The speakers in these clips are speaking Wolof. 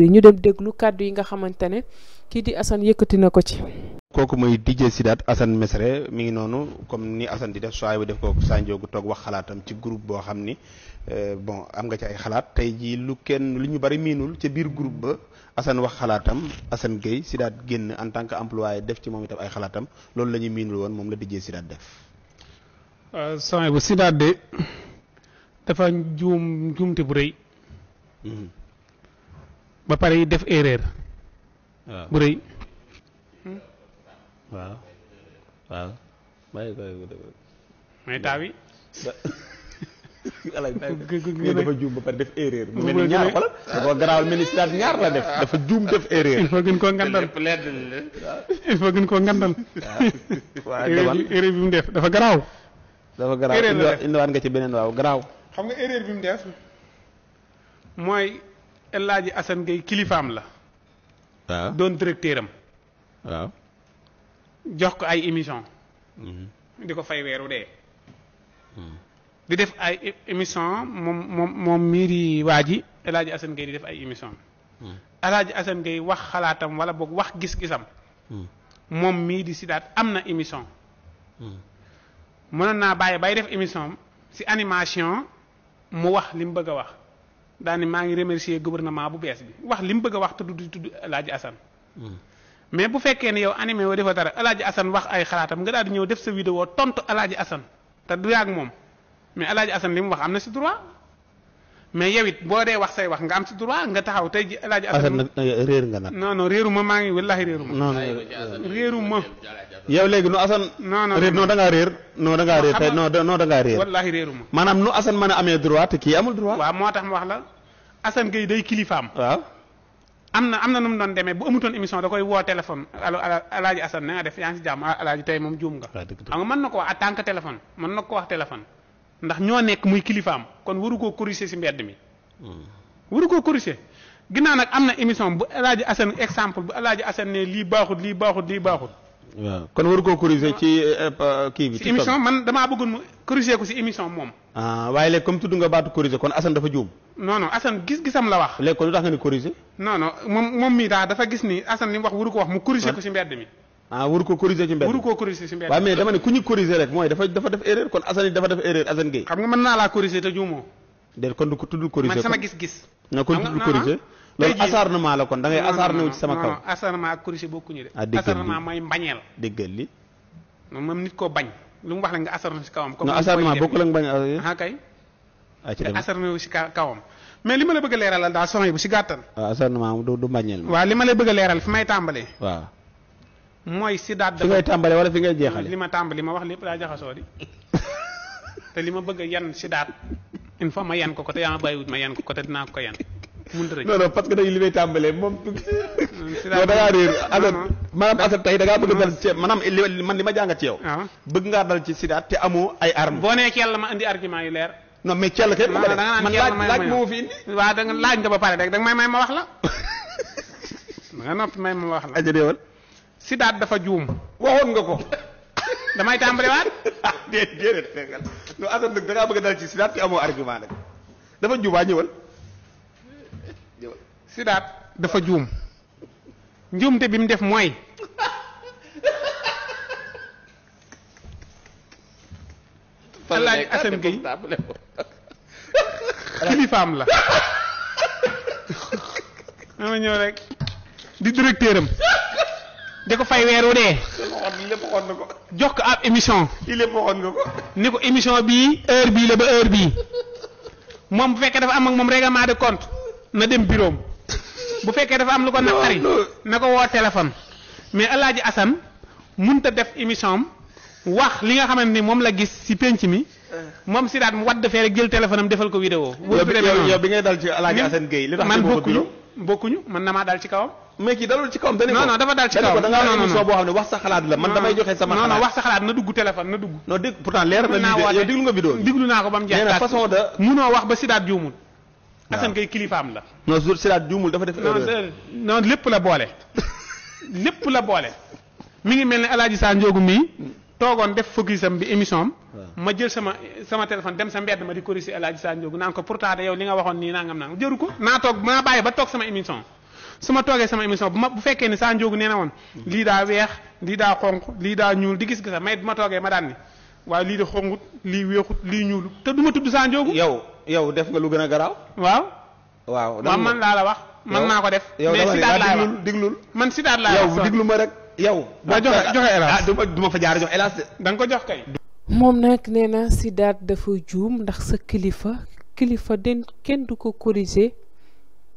ñu dem déglu kàddu yi nga xamante ne kii di Assane yëkkati na ko ci. kooku muy DJ sidat asan Mesre mi ngi noonu comme ni Assane di def soo bu def kooku Sadio gu toog wax xalaatam ci groupe boo xam ni euh, bon am nga ci ay xalaat tey jii lu kenn lu ñu bari miinul ca biir groupe ba Assane wax xalaatam Assane Gueye Sidaat génn en tant que employé def ci moom itam ay xalaatam loolu la minul miinul woon la DJ sidat def. Euh, sama bu sidaat de dafa juum juumte bu rëy mhm. ba pare def erreur bu rëy hmm? waaw waaw bàyyi ko mais taawi alay bay dafa juum ba pare def erreur mu mel ñaar wala dafa garaawal mel ni ñaar la def dafa juum def erreur il faut gën koo ngandal il faut gën koo ngandal erreur bi mu def dafa garaaw dafa garaaw indiwaat nga ci beneen waaw garaaw. xam nga erreur bi mu def mooy El Hadji Assane kilifaam la. doon directeur am. waaw. jox ko ay émission mhm. di ko fay weeru dee. Mhm. di def ay émission moom moom moom miiri waa ji El Hadji Assane Gueye di def ay émission mhm. El Hadji Assane wax xalaatam wala boog wax gis-gisam. moom mii di sidaat am na émission. mënoon naa bàyyi bay def émission am si animation mu wax li mu bëgg a wax daani maa ngi remercier gouvernement bu bees bi wax li mu bëgg a wax tudd di tudd El Hadj mais bu fekkee ne yow animé woo defa dara El Hadj Assane wax ay xalaatam nga daal di ñëw def sa vidéo tontu El Hadj te du yàgg moom mais El Hadj Assane mu wax am na si droit. mais yow it boo dee wax say wax nga am ci droit nga taxaw tey ji El Hadj Assane nag réer nga nag. non non réeru ma maa ngi wallaahi réeru ma. non non réeru ma. yow léegi nu Assane. non non réer non da ngaa réer. non da ngaa réer tey non réer. wallaahi réeru maanaam nu Assane mën amee droit te kii amul droit. waaw moo tax ma wax la Assane Gueye day kilifaam. waaw. am na am na nu mu doon demee bu amutoon émission da koy woo téléphone allo El Hadj Assane na def yaa ngi si jàmm El tey moom juum nga. mën na ko tant que téléphone mën na ko wax téléphone. ndax ñoo nekk muy kilifaam kon waru koo corriger ci mbedd mi. Hmm. waru koo corriger ginnaaw nag am na émission bu El Hadj Assane exemple bu El Hadj Assane ne lii baaxut lii baaxut lii baaxut. waaw kon waru koo corriger ci eh, eh, kii bi. ci émission man damaa bëggoon mu corriger ko ci émission moom. ah waaye léegi comme tudd nga baatu corriger kon Assane dafa juum. non non Assane gis-gisam la wax. léegi kon lu tax nga ni corriger. non non moom moom mii daal dafa gis ni Assane ni mu wax waru ko wax mu corriger ko ci mbedd mi. ah wuro ko corriger ci mbedd wuro ko corriger ci mbedd wa mais dama ne kuñu corriger rek moy dafa dafa def erreur kon asani dafa def erreur asan gay xam nga man na la corriger te djumo del kon ko tuddul corriger man sama gis gis na ko tuddul corriger loolu asarnement la kon da ngay asarné ci sama kaw asarnement ak corriger bokku ñu de asarnement ah, may mbagnel deggal li mom nit ko bañ lu mu wax la nga asarné ci kawam comme asarnement bokku la nga bañ ha ah, eh. ah, kay a ci dem asarné ci kawam mais li ma la bëgg leeralal da sonay bu ci gàttal asarnement du du mbagnel wa li ma la bëgg leeral fi may tambalé wa moy si daat dafa ngay tàmbale wala fi ngay jeexale lima tambali ma wax lepp la jaxaso di te lima bëgg yan si daat il faut ma yan ko ko te yaa ma bàyyiwut ma yan ko ko te dina ko yan mënut rek non non parce que day limay tambalé mom moom. yow da nga réer alors manam asal tay da nga bëgg dal ci ah. manam man lima jang ci yow. Ah. bëgg nga dal ci sidat té amoo ay armes. boo ci yalla ma andi argument yu lèr non mais ci yalla kay. man laaj laaj mo fi indi. wa da nga laaj nga ba paré rek da nga may may ma wax la. nga nopp may ma wax la. ajëdeewal. siddaat dafa juum waxoon nga ko damay tàmbaliwaat. ah déedéet déedéet fekal non Assane nag da ngaa bëgg dal ci sidaat te amoo argument dafa juum waa dafa juum bi mu def mooy. Alaaji Assane Gueye kilifaam la. ma ñëw rek di directeur di ko fay weer wu dee. jox ko ab émission. ci lépp waxoon ni ko émission bii heure bii la ba heure bii moom bu fekkee dafa am ak moom règlement de compte na dem bureau bu fekkee dafa am lu ko naqari na ko woo téléphone. mais El Hadj Assane mënut a def émission am wax li nga xamante ni moom la gis si penc mi. moom si daat mu wadd fee rek jël defal ko vidéo. wóor bi ngay dal ci El Hadj Assane Gueye li tax man mbokkuñu man na maa dal ci kawam. mais kii dalul ci kawam dañu ko non dafa dal ci kawam da nga am émission boo xam ne wax sa xalaat la man damay joxe sama xalaat non non wax sa xalaat na dugg téléphone na dugg. non dégg pourtant leer na lii de yow déglu nga vidéo bi déglu naa ko ba mu jeex. nee na façon de munoo wax ba sidaat juumul. waaw Assane kay kilifaam la. non jour juumul dafa def erreur. non lépp la boole lépp la boole mi ngi mel ne Alaaji Sa Njoogu mii toogoon def fogisam bi émission am. ma jël sama sama téléphone dem sa mbedd ma di corriger El Hadj Sa Ndiogou naan ko pourtant de yow li nga waxoon nii nangam nangam jëru ko naa toog naa bàyyi ba toog sama émission. su ma toogee sama émission bu ma bu fekkee ne Sa Ndiogou nee na woon lii daa weex lii daa xonq lii daa ñuul di gis gisa may bu ma toogee ma daan ni waaye lii di xonqut lii weexut lii ñuul te du ma tudd Sa Ndiogou. yow yow def nga lu gën a garaaw. waaw. waaw man man laa la wax. man naa ko def. yow dama ne laa diglul mais si man si daal laa wax yow diglu ma yow. boo joxe joxe ah, du ma fa jaar jox hélas da nga ko jox kay. moom nag nee na siddaat dafa juum ndax sa kilifa kilifa den kenn du ko corriger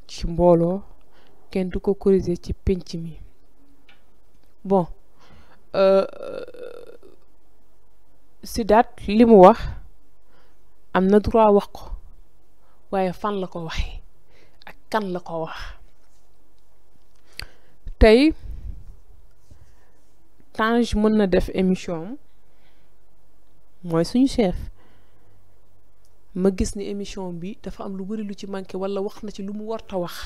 ci mbooloo kenn du ko corriger ci pénc mi bon euh, siddaat li mu wax am na droit wax ko waaye fan la ko waxee ak kan la ko wax tey. Tange mën na def émission mooy suñu chef ma gis ni émission bi dafa am lu bari lu ci manqué walla wax na ci lu mu warta wax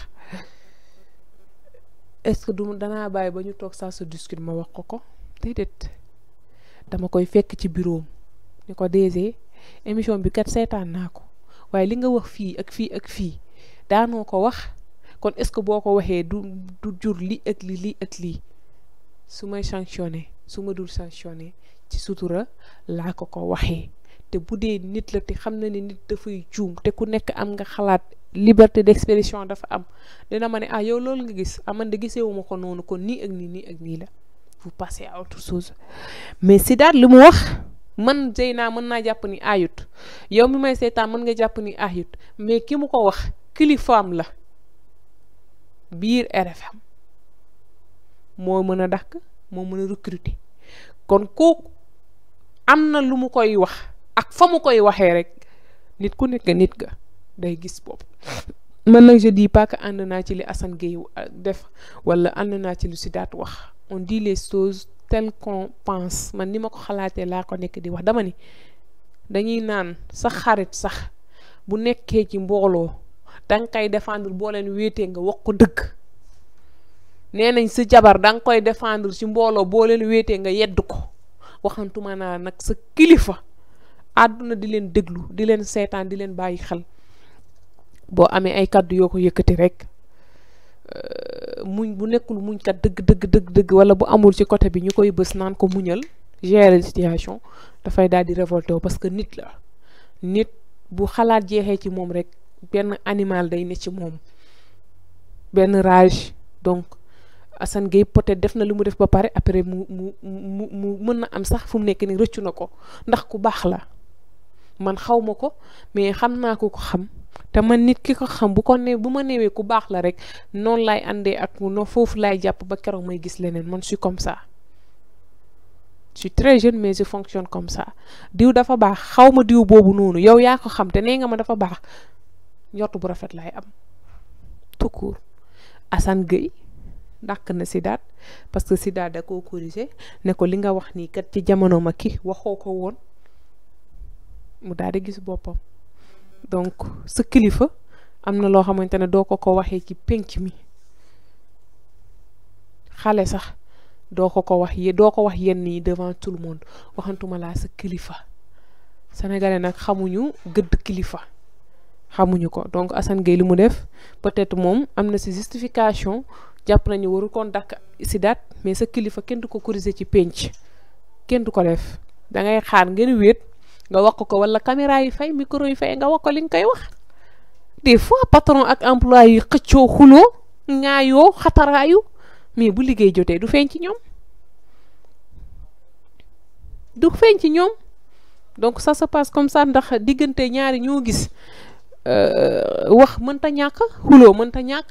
est-ce que du danaa bàyyi ba ñu toog saa su discute ma wax ko ko déedéet dama koy fekk ci buroom ni ko DG émission bi kat seetaan naa ko waaye li nga wax fii ak fii ak fii daanoo ko wax kon est-ce que boo ko waxee du du jur li ak lii lii ak lii su may sanctionné su ma dul sanctionné ci sutura laa ko ko waxee te bu dee nit la xam na ne nit dafay juum ku nekk am nga xalaat liberté d'expression dafa am dina ma ne ah yow loolu nga gis aman ah, de gisee wu ko noonu kon nii ak nii nii ak nii la vous passez à autre chose mais si daal li mu wax man naa mën naa jàpp ni ayut yow mu may seetaan mën nga jàpp ni ayut mais ki mu ko wax kilifaam la biir RFM moo mën a dàq moo mën a recruter kon kooku am na lu mu koy wax ak fa mu koy waxee rek nit ku nekk nit ga day gis bopp man nag je dis pas que ànd naa ci li Assane Gueye def wala ànd naa ci lu si wax on dit les choses telles man ni ma ko xalaatee laa ko nekk di wax dama ni dañuy naan sa xarit sax bu nekkee ci mbooloo danga koy défendre boo leen wéetee nga wax ko dëgg nee nañ sa jabar danga koy défendre ci mbooloo boo leen wéetee nga yedd ko waxantuma naa nag sa kilifa àdduna di leen déglu di leen seetaan di leen bàyyi xel boo amee ay kàddu yoo ko yëkkati rek euh, muñ bu nekkul muñ kat dëgg dëgg dëgg dëgg wala bu amul ci côté bi ñu koy bës naan ko muñal gérer situation dafay daal di révolté parce que nit la nit bu xalaat jeexee ci moom rek benn animal day ne ci moom benn rage donc Assane Gueye peut-être def na lu mu def ba pare après mu mu mu mu mën na am sax fu mu nekk nii rëccu na ko ndax ku baax la man xaw ma ko mais xam naa ko ko xam te man nit ki ko xam bu ko ne bu ma newee ku baax la rek noonu laay àndee ak no foofu laay jàpp ba keroog may gis leneen man je comme ça je suis très mais je fonctionne comme ça diw dafa baax xaw ma diw boobu noonu yow yaa ko xam te nee nga ma dafa baax njort bu rafet laay am tout court Assane Gueye dàq na Sidaat parce que Sidaat da koo corrigé ne ko li nga wax nii kat ci jamono ma ki waxoo ko woon mu daal di gis boppam donc sa kilifa am na loo xamante ne doo ko ko waxee ci pénc mi xale sax doo ko ko wax ye doo ko wax yenn yi devant tout le monde waxantuma laa sa kilifa sénégalais nag xamuñu gëdd kilifa xamuñu ko donc assan Gueye li mu def peut-être moom am na si justification japp nañu waru kon ci dat mais sa kilifa kenn du ko corriger ci pench kenn du ko def da ngay xaar ngeen wet nga wax ko wala caméra yi fay micro yi fay nga wax ko li ngay wax des fois patron ak employé yi xëccoo xuloo ŋaayoo xatarayu mais bu liggéey jotee du feeñ ci ñom du feeñ ci ñom donc ça se passe comme ça ndax digënté ñaari ñoo gis euh, wax ñaak xulo mën ta ñaak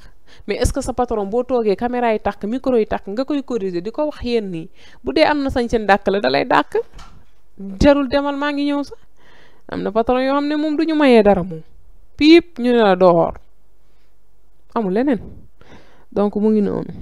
mais est-ce que sa patron boo toogee caméra yi tàkk micro yi tàkk nga koy corriger di ko wax yéen nii bu dee am na sañ seen dàkk la dalay dàkk jarul demal maa ngi ñëw sax am na patron yoo xam ne moom du ñu mayee dara moom piip ñu ne la doo amul leneen donc mu ngi noonu